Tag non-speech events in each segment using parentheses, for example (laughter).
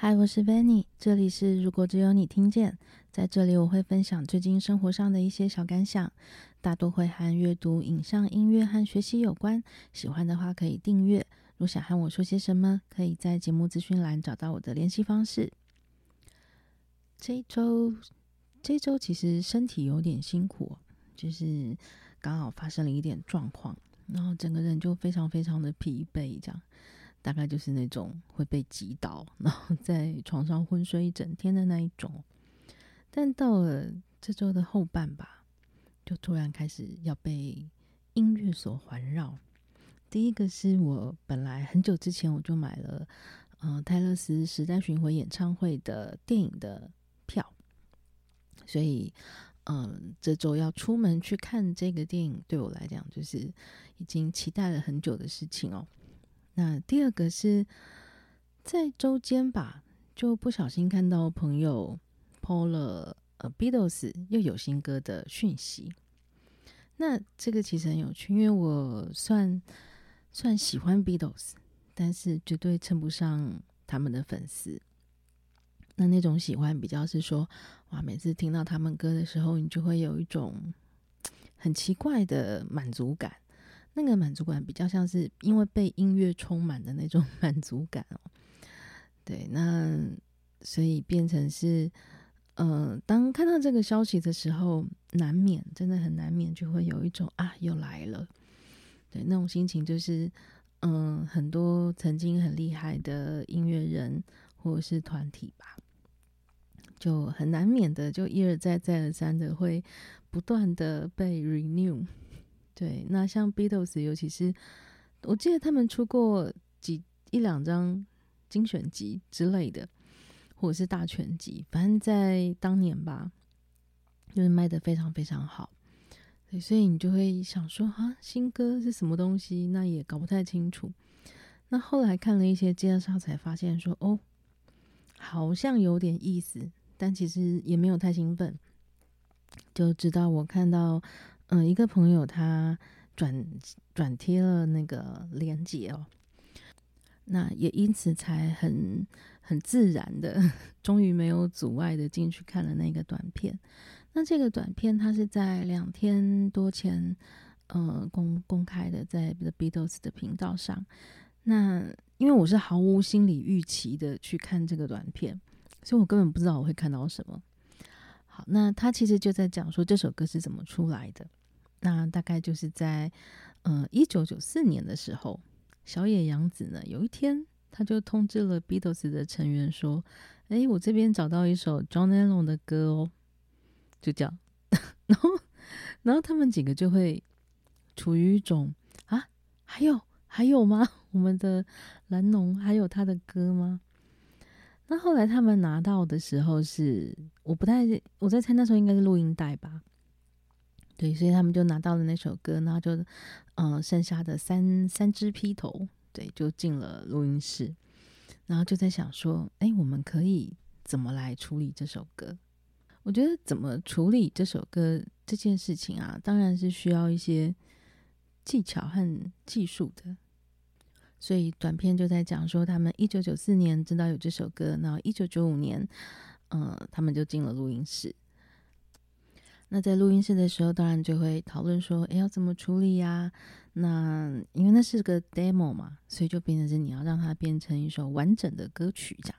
嗨，我是 Vanny，這裡是如果只有你聽見。在這裡，我會分享最近生活上的一些小感想，大多會和閱讀、影像、音樂和學習有關。喜歡的話可以訂閱。若想和我說些什麼，可以在節目資訊欄找到我的聯繫方式。這週，這週其實身體有點辛苦，就是剛好發生了一點狀況，然後整個人就非常非常的疲憊，這樣。大概就是那種會被擊倒，然後在床上昏睡一整天的那一種。但到了這周的後半吧，就突然開始要被音樂所環繞。第一個是我本來很久之前我就買了，嗯、呃，泰勒絲時代巡回演唱會的電影的票，所以嗯、呃，這周要出門去看這個電影，對我來講就是已經期待了很久的事情哦。那第二個是在周間吧，就不小心看到朋友 po 了呃 Beatles 又有新歌的訊息。那這個其實很有趣，因為我算算喜歡 Beatles，但是絕對稱不上他們的粉絲。那那種喜歡比較是說，哇，每次聽到他們歌的時候，你就會有一種很奇怪的滿足感。那個滿足感比較像是因為被音樂充滿的那種滿足感哦。對，那所以變成是，嗯、呃，當看到這個消息的時候，難免真的很難免就會有一種啊，又來了。對，那種心情就是，嗯、呃，很多曾經很厲害的音樂人或者是團體吧，就很難免的就一而再再而三的會不斷的被 renew。對，那像 Beatles，尤其是我記得他們出過幾一兩張精選集之類的，或者是大全集，反正在當年吧，就是賣得非常非常好。對，所以你就會想說啊，新歌是什麼東西？那也搞不太清楚。那後來看了一些介紹，才發現說哦，好像有點意思，但其實也沒有太興奮。就直到我看到。嗯，一個朋友他轉轉貼了那個鏈接哦，那也因此才很很自然的，終於沒有阻礙的進去看了那個短片。那這個短片它是在兩天多前，嗯，呃，公、公開的在 The Beatles 的頻道上。那因為我是毫無心理預期的去看這個短片，所以我根本不知道我會看到什麼。好，那他其實就在講說，這首歌是怎麼出來的。那大概就是在，嗯、呃，一九九四年的時候，小野洋子呢，有一天他就通知了 Beatles 的成員說：“哎，我這邊找到一首 John Lennon 的歌哦。”就這樣，然後，然後他們幾個就會處於一種啊，還有還有嗎？我們的藍農還有他的歌嗎？那後來他們拿到的時候是，我不太，我在猜那時候應該是錄音帶吧。對，所以他們就拿到了那首歌，然後就，嗯、呃，剩下的三三隻披頭，對，就進了錄音室，然後就在想說，哎，我們可以怎麼來處理這首歌？我覺得怎麼處理這首歌這件事情啊，當然是需要一些技巧和技術的。所以短片就在講說，他們一九九四年知道有這首歌，然後一九九五年，嗯、呃，他們就進了錄音室。那在錄音室的時候，當然就會討論說，哎、欸，要怎麼處理呀？那因為那是個 demo 嘛，所以就變成是你要讓它變成一首完整的歌曲這樣。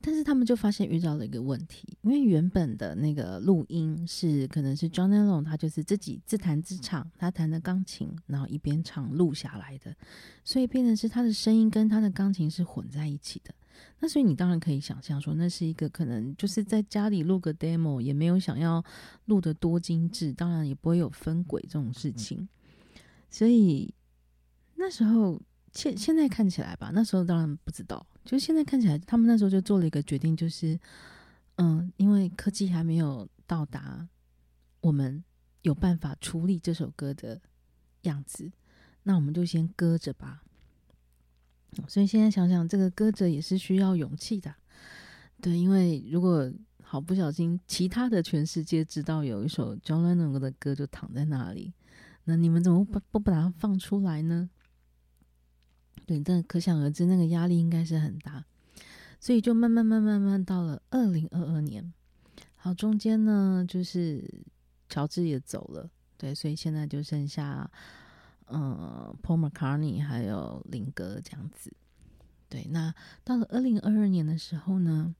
但是他們就發現遇到了一個問題，因為原本的那個錄音是可能是 John 莊天 n 他就是自己自彈自唱，他彈的鋼琴，然後一邊唱錄下來的，所以變成是他的聲音跟他的鋼琴是混在一起的。那所以你當然可以想象說，那是一個可能就是在家裡錄個 demo，也沒有想要錄得多精緻，當然也不會有分軌這種事情。所以那時候現現在看起來吧，那時候當然不知道，就現在看起來，他們那時候就做了一個決定，就是嗯，因為科技還沒有到達我們有辦法處理這首歌的樣子，那我們就先擱着吧。所以現在想想，這個歌者也是需要勇氣的，對，因為如果好不小心，其他的全世界知道有一首 John Lennon 的歌就躺在那裡，那你們怎麼不不把它放出來呢？對，但可想而知，那個壓力應該是很大，所以就慢慢慢慢慢到了二零二二年。好，中間呢，就是喬治也走了，對，所以現在就剩下。嗯、呃、Paul McCartney 還有林哥這樣子，對。那到了二零二二年的時候呢，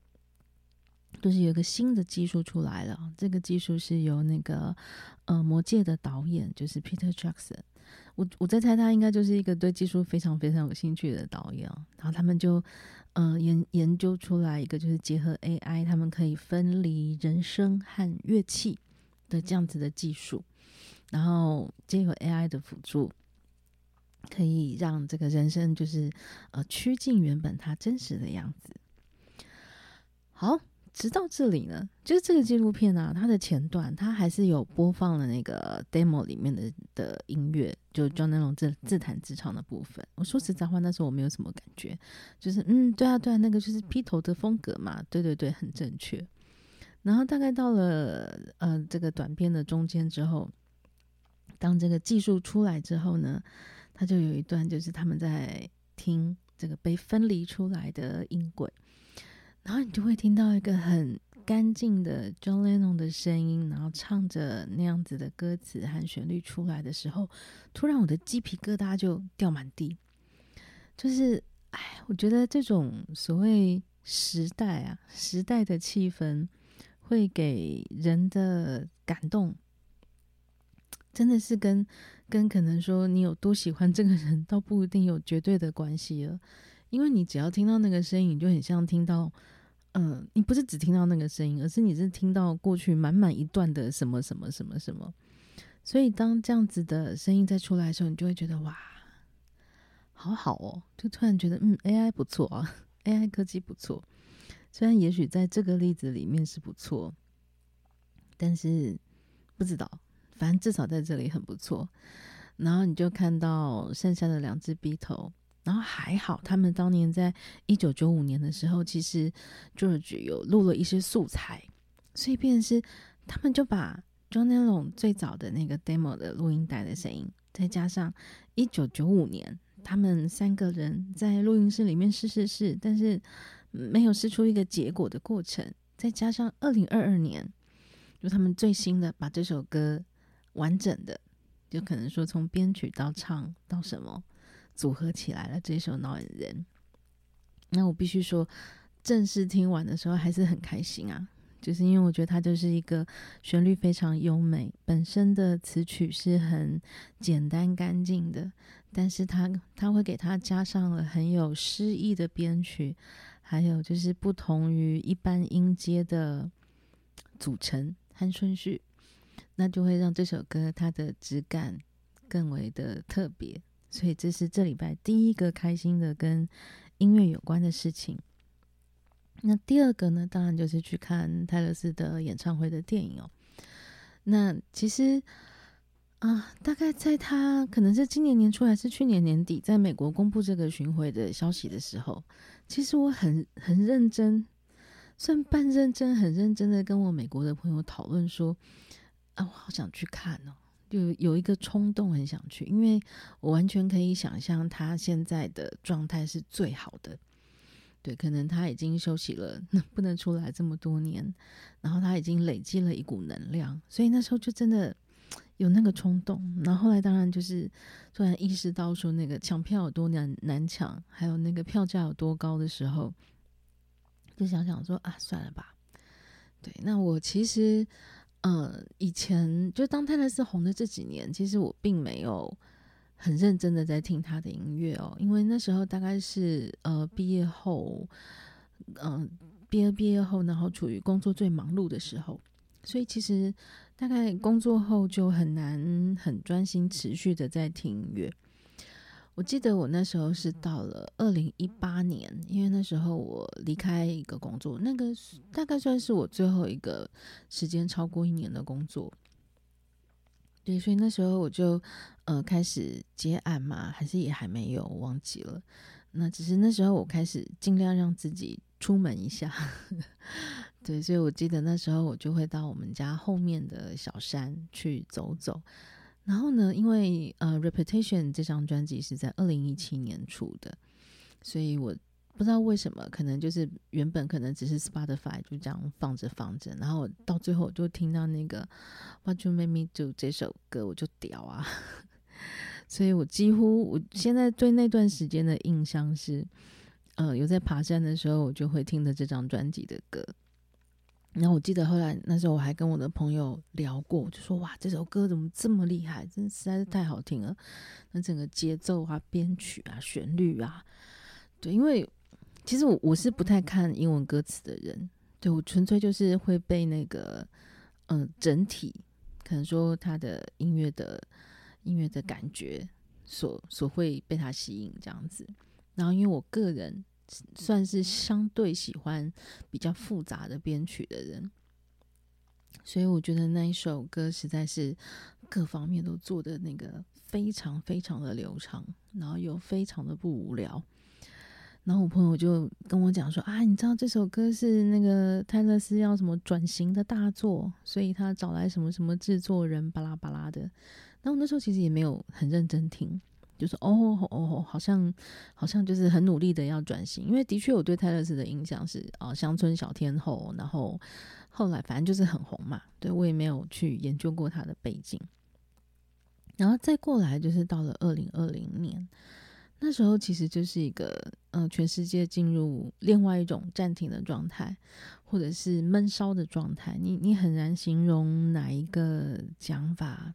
就是有一個新的技術出來了，這個技術是由那個呃魔戒的導演，就是 Peter Jackson。我我在猜他應該就是一個對技術非常非常有興趣的導演。然後他們就嗯、呃、研研究出來一個就是結合 AI，他們可以分離人聲和樂器的這樣子的技術。然後，結合 AI 的輔助，可以讓這個人生就是呃趨近原本它真實的樣子。好，直到這裡呢，就是這個紀錄片呢、啊，它的前段它還是有播放了那個 demo 裡面的的音樂，就就那種自自彈自唱的部分。我說實在話，那時候我沒有什麼感覺，就是嗯，對啊，對啊，那個就是披頭的風格嘛，對對對，很正確。然後大概到了呃這個短片的中間之後。當這個技術出來之後呢，他就有一段，就是他們在聽這個被分離出來的音軌，然後你就會聽到一個很乾淨的 John Lennon 的聲音，然後唱着那樣子的歌詞和旋律出來的時候，突然我的雞皮疙瘩就掉滿地，就是哎，我覺得這種所謂時代啊，時代的氣氛會給人的感動。真的是跟跟可能說你有多喜歡這個人，倒不一定有絕對的關係了，因為你只要聽到那個聲音，你就很像聽到，嗯，你不是只聽到那個聲音，而是你是聽到過去滿滿一段的什麼什麼什麼什麼，所以當這樣子的聲音再出來的時候，你就會覺得哇，好好哦，就突然覺得嗯，AI 不錯啊，AI 科技不錯，雖然也許在這個例子裡面是不錯，但是不知道。反正至少在這裡很不錯，然後你就看到剩下的兩只披頭，然後還好他們當年在一九九五年的時候，其實 George 有錄了一些素材，所以變成是他們就把 John Lennon 最早的那個 demo 的錄音帶的聲音，再加上一九九五年他們三個人在錄音室裡面試試試，但是沒有試出一個結果的過程，再加上二零二二年就他們最新的把這首歌。完整的，就可能說從編曲到唱到什麼組合起來了這首《Now and Then》，那我必須說正式聽完的時候還是很開心啊，就是因為我覺得它就是一個旋律非常優美，本身的詞曲是很簡單乾淨的，但是它它會給它加上了很有詩意的編曲，還有就是不同於一般音階的組成和順序。那就會讓這首歌它的質感更為的特別，所以這是這禮拜第一個開心的跟音樂有關的事情。那第二個呢，當然就是去看泰勒絲的演唱會的電影哦。那其實啊，大概在他可能是今年年初還是去年年底，在美國公布這個巡回的消息的時候，其實我很很認真，算半認真、很認真的跟我美國的朋友討論說。啊，我好想去看哦，就有一個衝動，很想去，因為我完全可以想象他現在的狀態是最好的，對，可能他已經休息了，不能出來這麼多年，然後他已經累積了一股能量，所以那時候就真的有那個衝動，然後，後來當然就是突然意識到說那個搶票有多難難搶，還有那個票價有多高的時候，就想想說啊，算了吧，對，那我其實。嗯，以前，就當泰勒絲紅的這幾年，其實我並沒有很認真的在聽他的音樂哦，因為那時候大概是呃畢業後，嗯、呃，畢業畢業後，然後處於工作最忙碌的時候，所以其實大概工作後就很難很專心持續的在聽音樂。我記得我那時候是到了二零一八年，因為那時候我離開一個工作，那個大概算是我最後一個時間超過一年的工作。對，所以那時候我就呃開始接案嘛，還是也還沒有忘記了。那只是那時候我開始盡量讓自己出門一下。 (laughs) 對，所以我記得那時候我就會到我們家後面的小山去走走。然後呢，因為呃，Reputation 這張專輯是在二零一七年出的，所以我不知道為什麼，可能就是原本可能只是 Spotify 就這樣放着放着，然後到最後我就聽到那個 What You Made Me Do 這首歌，我就屌啊！ (laughs) 所以我幾乎我現在對那段時間的印象是，呃，有在爬山的時候我就會聽著這張專輯的歌。然後我記得後來那時候我還跟我的朋友聊過，就說哇，這首歌怎麼這麼厲害？真的實在是太好聽了。那整個節奏啊、編曲啊、旋律啊，對，因為其實我我是不太看英文歌詞的人，對我純粹就是會被那個嗯、呃、整體，可能說他的音樂的音樂的感覺所所會被他吸引這樣子。然後因為我個人。算是相對喜歡比較複雜的編曲的人，所以我覺得那一首歌實在是各方面都做的那個非常非常的流暢，然後又非常的不無聊。然後我朋友就跟我講說啊，你知道這首歌是那個泰勒絲要什麼轉型的大作，所以他找來什麼什麼制作人巴拉巴拉的。然後那時候其實也沒有很認真聽。就是哦哦，哦，好像好像就是很努力的要轉型，因為的確我對泰勒絲的印象是啊、呃，鄉村小天後，然後後來反正就是很紅嘛。對，我也沒有去研究過他的背景，然後再過來就是到了二零二零年，那時候其實就是一個嗯、呃，全世界進入另外一種暫停的狀態，或者是悶燒的狀態。你，你很難形容哪一個講法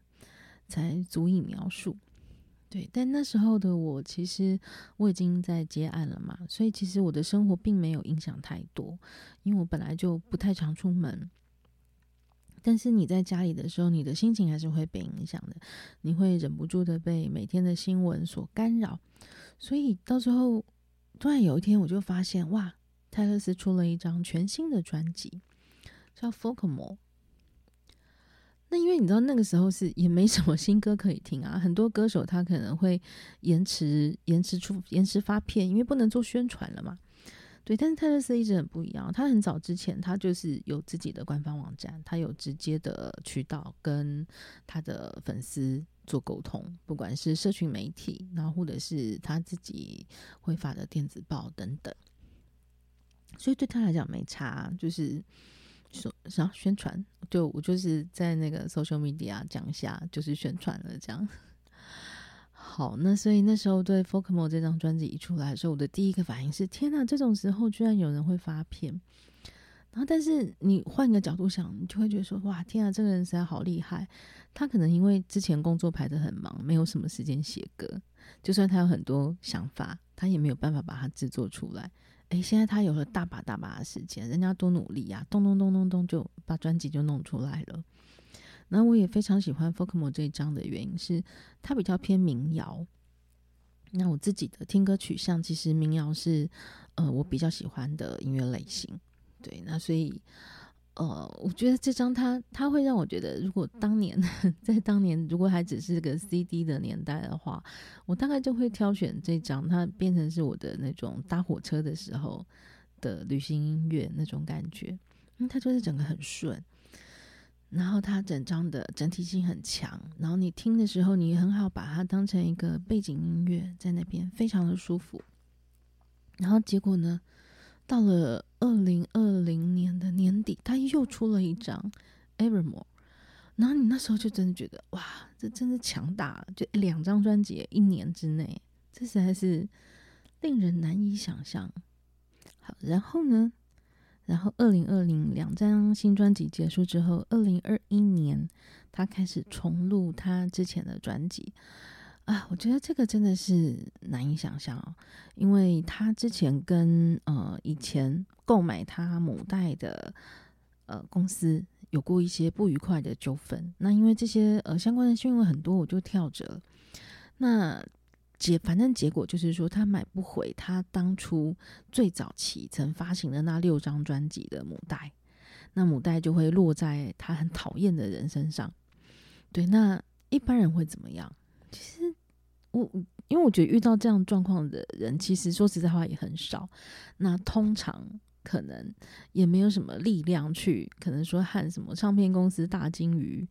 才足以描述。對，但那時候的我，其實我已經在接案了嘛，所以其實我的生活並沒有影響太多，因為我本來就不太常出門。但是你在家裡的時候，你的心情還是會被影響的，你會忍不住的被每天的新聞所干擾。所以到最後，突然有一天，我就發現，哇，泰勒絲出了一張全新的專輯，叫《f o l k m 那因為你知道那個時候是也沒什麼新歌可以聽啊，很多歌手他可能會延遲延遲出延遲發片，因為不能做宣傳了嘛。對，但是泰勒絲一直很不一樣，他很早之前他就是有自己的官方網站，他有直接的渠道跟他的粉絲做溝通，不管是社群媒體，然後或者是他自己會發的電子報等等。所以對他來講沒差，就是。啥、啊、宣傳？就我就是在那個 social media 講一下，就是宣傳了這樣。好，那所以那時候對 Folkmore 這張專輯一出來的時候，我的第一個反應是：天哪，這種時候居然有人會發片。然後，但是你換個角度想，你就會覺得說：哇，天哪，這個人實在好厲害。他可能因為之前工作排得很忙，沒有什麼時間寫歌。就算他有很多想法，他也沒有辦法把它制作出來。哎，現在他有了大把大把的時間，人家多努力呀、啊，咚咚咚咚咚就把專輯就弄出來了。那我也非常喜歡《folklore》這一張的原因是，他比較偏民謠。那我自己的聽歌取向其實民謠是呃我比較喜歡的音樂類型，對，那所以。呃，我覺得這張它它會讓我覺得，如果當年在當年，如果還只是個 CD 的年代的話，我大概就會挑選這張，它變成是我的那種搭火車的時候的旅行音樂那種感覺。嗯，它就是整個很順，然後它整張的整體性很強，然後你聽的時候，你很好把它當成一個背景音樂在那邊，非常的舒服。然後結果呢？到了二零二零年的年底，他又出了一張《Evermore》，然後你那時候就真的覺得，哇，這真的強大！就兩張專輯一年之內，這實在是令人難以想象。好，然後呢？然後二零二零兩張新專輯結束之後，二零二一年他開始重錄他之前的專輯。啊，我覺得這個真的是難以想象啊、哦。因為他之前跟呃以前購買他母帶的呃公司有過一些不愉快的糾紛。那因為這些呃相關的新聞很多，我就跳着。那結反正結果就是說，他買不回他當初最早期曾發行的那六張專輯的母帶，那母帶就會落在他很討厭的人身上。對，那一般人會怎麼樣？其實。我因為我覺得遇到這樣狀況的人，其實說實在話也很少。那通常可能也沒有什麼力量去，可能說和什麼唱片公司大鯨魚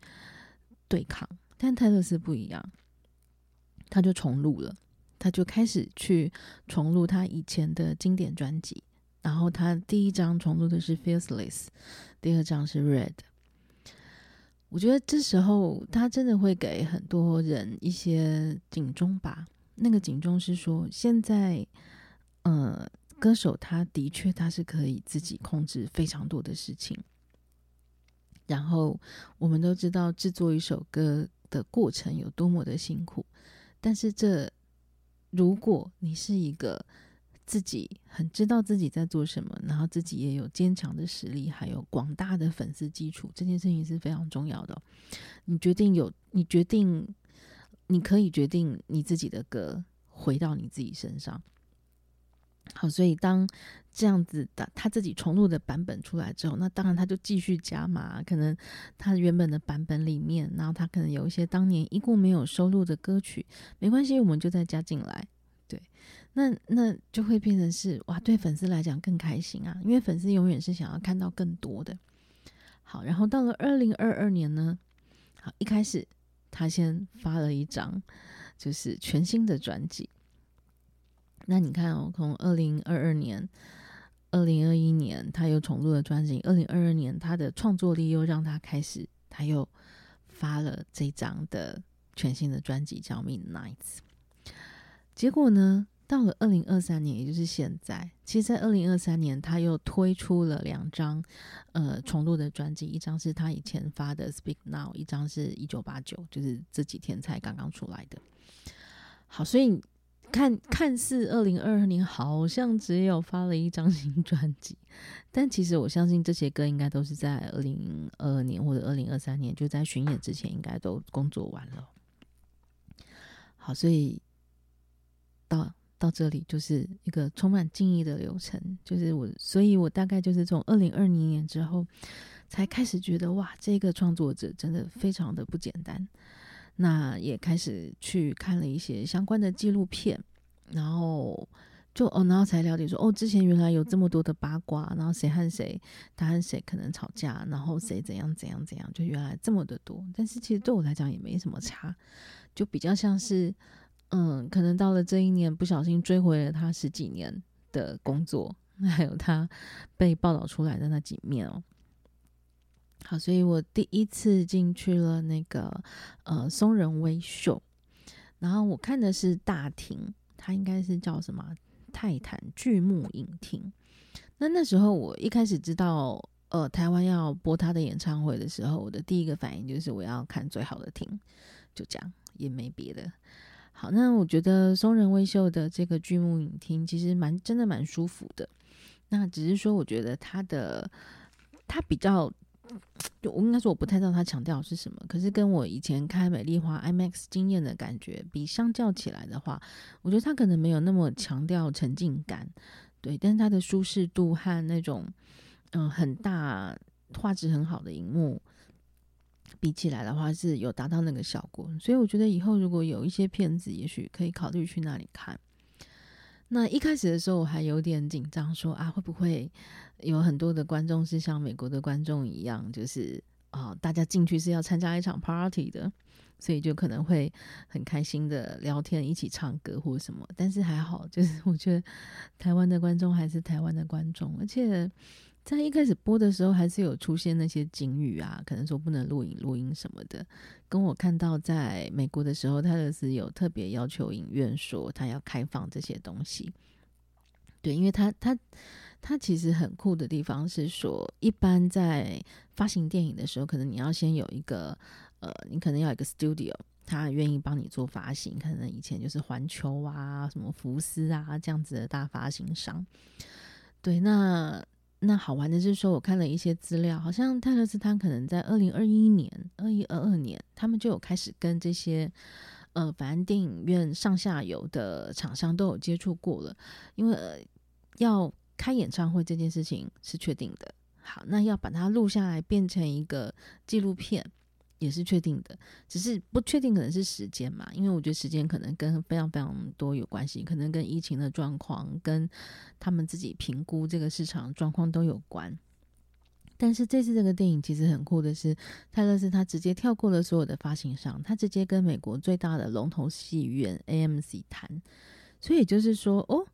對抗。但泰勒絲不一樣，他就重錄了，他就開始去重錄他以前的經典專輯。然後他第一張重錄的是《Fearless》，第二張是《Red》。我覺得這時候他真的會給很多人一些警鐘吧。那個警鐘是說，現在，呃，歌手他的確他是可以自己控制非常多的事情。然後我們都知道制作一首歌的過程有多麼的辛苦，但是這如果你是一個自己很知道自己在做什麼，然後自己也有堅強的實力，還有廣大的粉絲基礎，這件事情是非常重要的哦。你決定有，你決定，你可以決定你自己的歌回到你自己身上。好，所以當這樣子的他自己重錄的版本出來之後，那當然他就繼續加碼，可能他原本的版本裡面，然後他可能有一些當年一共沒有收錄的歌曲，沒關係，我們就再加進來，對。那那就會變成是哇，對粉絲來講更開心啊，因為粉絲永遠是想要看到更多的。好，然後到了二零二二年呢，好，一開始他先發了一張就是全新的專輯。那你看哦，從二零二二年、二零二一年，他又重錄了專輯。二零二二年，他的創作力又讓他開始，他又發了這張的全新的專輯叫《Midnights》。結果呢？到了二零二三年，也就是現在，其實，在二零二三年，他又推出了兩張，呃，重錄的專輯，一張是他以前發的《Speak Now》，一張是一九八九，就是這幾天才剛剛出來的。好，所以看，看似二零二二年好像只有發了一張新專輯，但其實我相信這些歌應該都是在二零二二年或者二零二三年，就在巡演之前應該都工作完了。好，所以到。到這裡就是一個充滿敬意的流程，就是我，所以我大概就是從二零二零年之後才開始覺得，哇，這個創作者真的非常的不簡單。那也開始去看了一些相關的紀錄片，然後就哦，然後才了解說，哦，之前原來有這麼多的八卦，然後誰和誰，他和誰可能吵架，然後誰怎樣怎樣怎樣，就原來這麼的多。但是其實對我來講也沒什麼差，就比較像是。嗯，可能到了這一年，不小心追回了他十幾年的工作，還有他被報道出來的那幾面哦、喔。好，所以我第一次進去了那個呃松仁威秀，然後我看的是大廳，他應該是叫什麼泰坦巨幕影廳。那那時候我一開始知道呃台灣要播他的演唱會的時候，我的第一個反應就是我要看最好的廳，就這樣，也沒別的。好，那我覺得松仁威秀的這個巨幕影廳其實蠻真的蠻舒服的。那只是說，我覺得它的它比較，就我應該說我不太知道它強調是什麼。可是跟我以前看美麗華 IMAX 經驗的感覺比相較起來的話，我覺得它可能沒有那麼強調沉浸感。對，但是它的舒適度和那種嗯、呃、很大畫質很好的熒幕。比起來的話，是有達到那個效果，所以我覺得以後如果有一些片子，也許可以考慮去那裡看。那一開始的時候，我還有點緊張說，說啊會不會有很多的觀眾是像美國的觀眾一樣，就是啊、哦、大家進去是要參加一場 party 的，所以就可能會很開心的聊天、一起唱歌或什麼。但是還好，就是我覺得台灣的觀眾還是台灣的觀眾，而且。在一開始播的時候，還是有出現那些警語啊，可能說不能錄影、錄音什麼的。跟我看到在美國的時候，他就是有特別要求影院說他要開放這些東西。對，因為他他他其實很酷的地方是說，一般在發行電影的時候，可能你要先有一個呃，你可能要一個 studio，他願意幫你做發行。可能以前就是環球啊、什麼福斯啊這樣子的大發行商。對，那。那好玩的是說，我看了一些資料，好像泰勒絲她可能在二零二一年、二一、二二年，他們就有開始跟這些，呃，反正電影院上下游的廠商都有接觸過了，因為、呃、要開演唱會這件事情是確定的。好，那要把它錄下來，變成一個紀錄片。也是確定的，只是不確定可能是時間嘛，因為我覺得時間可能跟非常非常多有關係，可能跟疫情的狀況、跟他們自己評估這個市場狀況都有關。但是這次這個電影其實很酷的是，泰勒絲他直接跳過了所有的發行商，他直接跟美國最大的龍頭戲院 AMC 談，所以也就是說哦。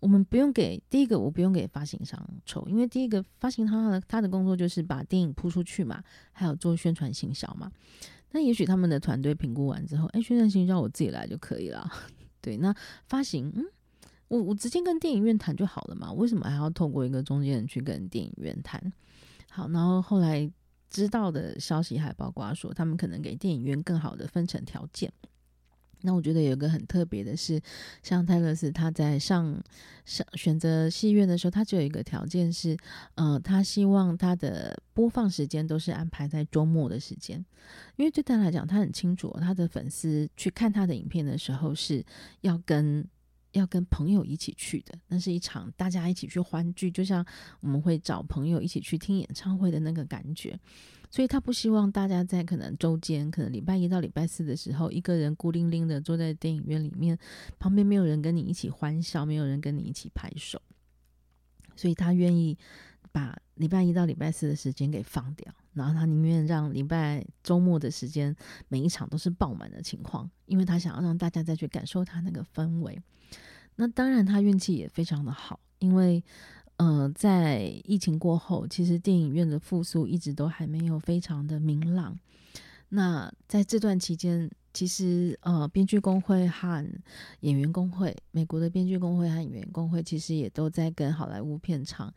我們不用給第一個，我不用給發行商抽，因為第一個發行商他的他的工作就是把電影鋪出去嘛，還有做宣傳行銷嘛。那也許他們的團隊評估完之後，哎，宣傳行銷我自己來就可以了。 (laughs) 對，那發行，嗯，我我直接跟電影院談就好了嘛，為什麼還要透過一個中間人去跟電影院談？好，然後後來知道的消息還包括說，他們可能給電影院更好的分成條件。那我覺得有一個很特別的是，像泰勒絲他在上上選擇戲院的時候，他只有一個條件是，呃，他希望他的播放時間都是安排在週末的時間，因為對他來講，他很清楚，哦，他的粉絲去看他的影片的時候是要跟要跟朋友一起去的，那是一場大家一起去歡聚，就像我們會找朋友一起去聽演唱會的那個感覺。所以他不希望大家在可能週間、可能禮拜一到禮拜四的時候，一個人孤零零的坐在電影院裡面，旁邊沒有人跟你一起歡笑，沒有人跟你一起拍手。所以他願意把禮拜一到禮拜四的時間給放掉，然後他寧願讓禮拜週末的時間每一場都是爆滿的情況，因為他想要讓大家再去感受他那個氛圍。那當然，他運氣也非常的好，因為。嗯、呃，在疫情過後，其實電影院的復甦一直都還沒有非常的明朗。那在這段期間，其實呃，編劇工會和演員工會，美國的編劇工會和演員工會，其實也都在跟好萊塢片場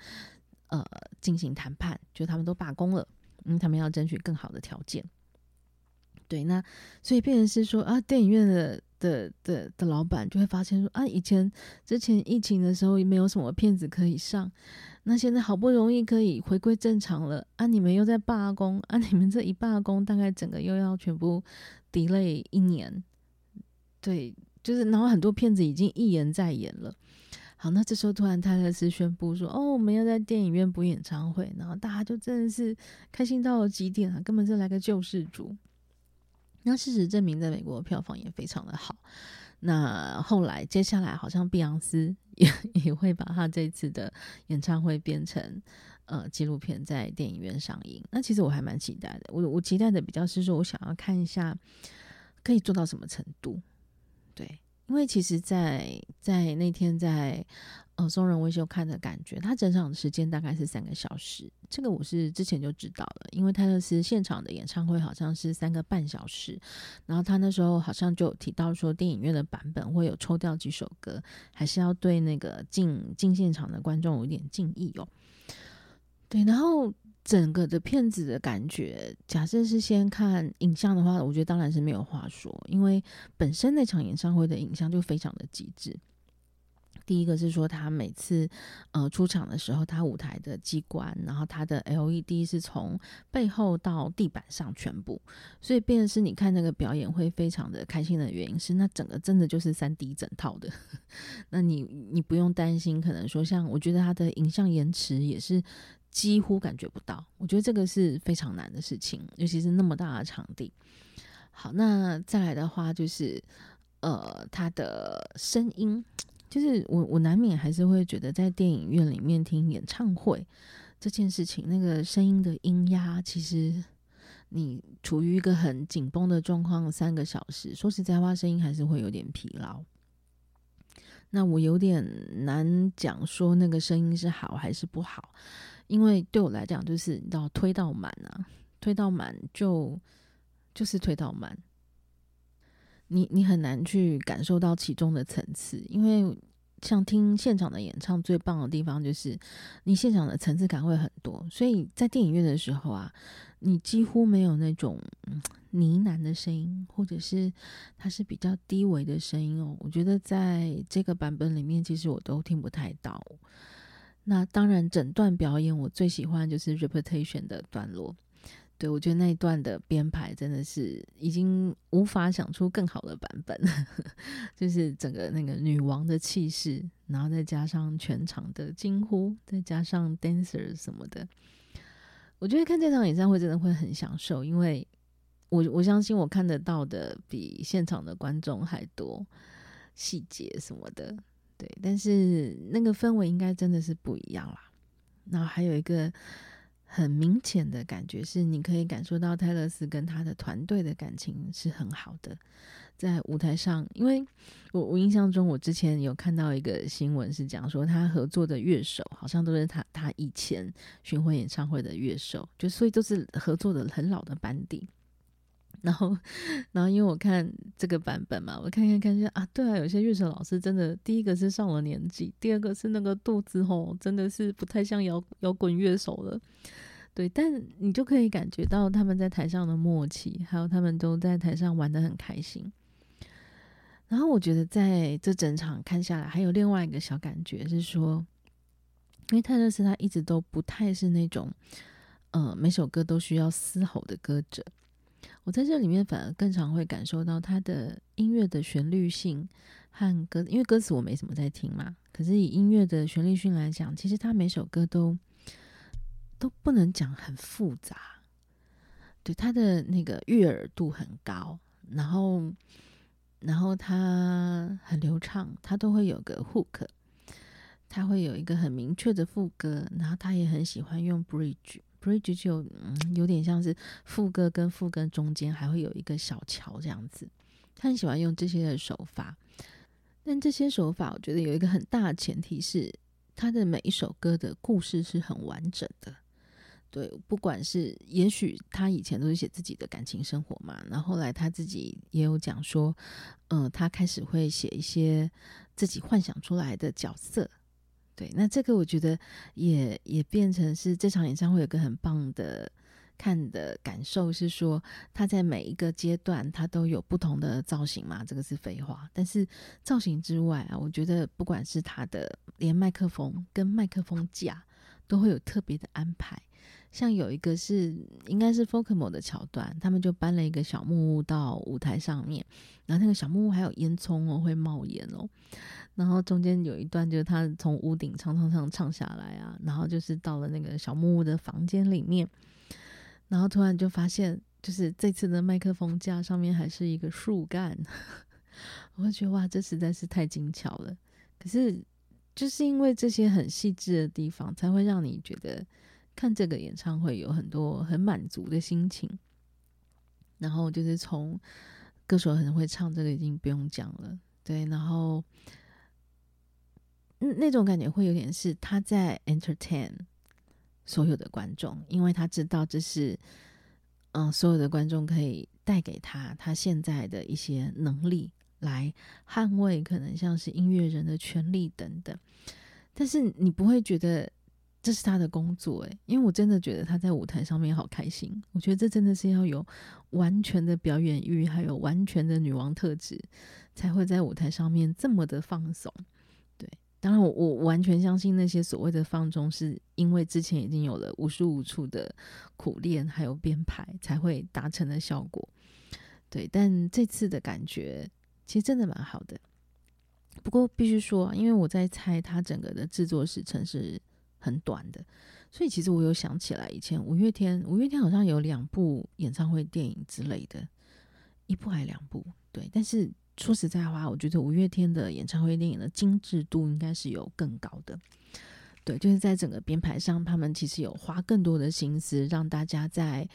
呃進行談判，就他們都罷工了，因為他們要爭取更好的條件。對，那所以變成是說啊，電影院的。的的的老闆就會發現說啊，以前之前疫情的時候也沒有什麼片子可以上，那現在好不容易可以回歸正常了啊，你們又在罷工啊，你們這一罷工大概整個又要全部 delay 一年，對，就是然後很多片子已經一延再延了。好，那這時候突然泰勒絲宣布說哦，我們要在電影院補演唱會，然後大家就真的是開心到了極點啊，根本就來個救世主。那事實證明，在美國的票房也非常的好。那後來，接下來好像碧昂斯也也會把他這次的演唱會變成呃紀錄片，在電影院上映。那其實我還蠻期待的。我我期待的比較是說，我想要看一下可以做到什麼程度。對，因為其實在，在在那天在。哦，松仁威秀看的感覺，他整場的時間大概是三個小時，這個我是之前就知道了，因為泰勒絲現場的演唱會好像是三個半小時，然後他那時候好像就有提到說，電影院的版本會有抽掉幾首歌，還是要對那個進進現場的觀眾有一點敬意哦。對，然後整個的片子的感覺，假設是先看影像的話，我覺得當然是沒有話說，因為本身那場演唱會的影像就非常的極致。第一個是說，他每次呃出場的時候，他舞台的機關，然後他的 LED 是從背後到地板上全部，所以變成是你看那個表演會非常的開心的原因是，那整個真的就是 3D 整套的， (laughs) 那你你不用擔心，可能說像我覺得他的影像延遲也是幾乎感覺不到，我覺得這個是非常難的事情，尤其是那麼大的場地。好，那再來的話就是呃，他的聲音。就是我，我難免還是會覺得在電影院裡面聽演唱會這件事情，那個聲音的音壓，其實你處於一個很緊繃的狀況，三個小時，說實在話，聲音還是會有點疲勞。那我有點難講說那個聲音是好還是不好，因為對我來講，就是你知道推到滿啊，推到滿就就是推到滿。你你很難去感受到其中的層次，因為像聽現場的演唱，最棒的地方就是你現場的層次感會很多。所以在電影院的時候啊，你幾乎沒有那種嗯、呢喃的聲音，或者是它是比較低微的聲音哦。我覺得在這個版本裡面，其實我都聽不太到。那當然，整段表演我最喜歡就是《Reputation》的段落。對，我覺得那一段的編排真的是已經無法想出更好的版本， (laughs) 就是整個那個女王的氣勢，然後再加上全場的驚呼，再加上 dancers 什麼的，我覺得看這場演唱會真的會很享受，因為我我相信我看得到的比現場的觀眾還多細節什麼的，對，但是那個氛圍應該真的是不一樣啦。然後還有一個。很明顯的感覺是，你可以感受到泰勒斯跟他的團隊的感情是很好的，在舞台上。因為我我印象中，我之前有看到一個新聞是講說，他合作的樂手好像都是他他以前巡迴演唱會的樂手，就所以都是合作的很老的班底。然後，然後因為我看這個版本嘛，我看看看下啊，對啊，有些樂手老師真的，第一個是上了年紀，第二個是那個肚子吼，真的是不太像搖搖滾樂手了。對，但你就可以感覺到他們在台上的默契，還有他們都在台上玩得很開心。然後我覺得在這整場看下來，還有另外一個小感覺是說，因為泰勒絲他一直都不太是那種，呃，每首歌都需要嘶吼的歌者。我在這裡面反而更常會感受到他的音樂的旋律性和歌，因為歌詞我沒什麼在聽嘛。可是以音樂的旋律性來講，其實他每首歌都都不能講很複雜，對，他的那個悅耳度很高，然後然後他很流暢，他都會有個 hook，他會有一個很明確的副歌，然後他也很喜歡用 bridge。bridge 就、嗯、有點像是副歌跟副歌中間還會有一個小橋這樣子，他很喜歡用這些的手法。但這些手法，我覺得有一個很大的前提是，他的每一首歌的故事是很完整的。對，不管是也許他以前都是寫自己的感情生活嘛，然後後來他自己也有講說，嗯、呃，他開始會寫一些自己幻想出來的角色。對，那這個我覺得也也變成是這場演唱會有個很棒的看的感受，是說他在每一個階段他都有不同的造型嘛，這個是廢話。但是造型之外啊，我覺得不管是他的連麥克風跟麥克風架都會有特別的安排。像有一個是應該是《Folklore》的橋段，他們就搬了一個小木屋到舞台上面，然後那個小木屋還有煙囪哦，會冒煙哦、喔。然後中間有一段就是他從屋頂唱唱唱唱下來啊，然後就是到了那個小木屋的房間裡面，然後突然就發現，就是這次的麥克風架上面還是一個樹幹， (laughs) 我會覺得哇，這實在是太精巧了。可是就是因為這些很細緻的地方，才會讓你覺得。看這個演唱會有很多很滿足的心情，然後就是從歌手很會唱，這個已經不用講了，對，然後那、嗯、那種感覺會有點是他在 entertain 所有的觀眾，因為他知道這是，嗯，所有的觀眾可以帶給他他現在的一些能力，來捍衛可能像是音樂人的權利等等，但是你不會覺得。這是他的工作哎，因為我真的覺得他在舞台上面好開心。我覺得這真的是要有完全的表演欲，還有完全的女王特質，才會在舞台上面這麼的放鬆。對，當然我我完全相信那些所謂的放縱，是因為之前已經有了無數無數的苦練，還有編排才會達成的效果。對，但這次的感覺其實真的蠻好的。不過必須說，因為我在猜他整個的制作時程是。很短的，所以其實我有想起來以前五月天，五月天好像有兩部演唱會電影之類的，一部還兩部。對，但是說實在話，我覺得五月天的演唱會電影的精致度應該是有更高的，對，就是在整個編排上，他們其實有花更多的心思，讓大家在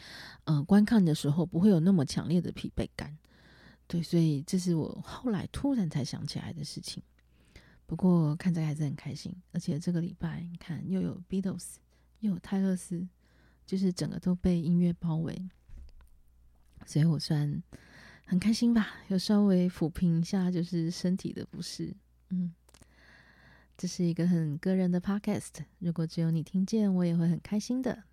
嗯、呃、觀看的時候不會有那麼強烈的疲憊感。對，所以這是我後來突然才想起來的事情。不過看着還是很開心，而且這個禮拜你看又有 Beatles，又有泰勒斯，就是整個都被音樂包圍，所以我算很開心吧，有稍微撫平一下就是身體的不適。嗯，這是一個很個人的 Podcast，如果只有你聽見，我也會很開心的。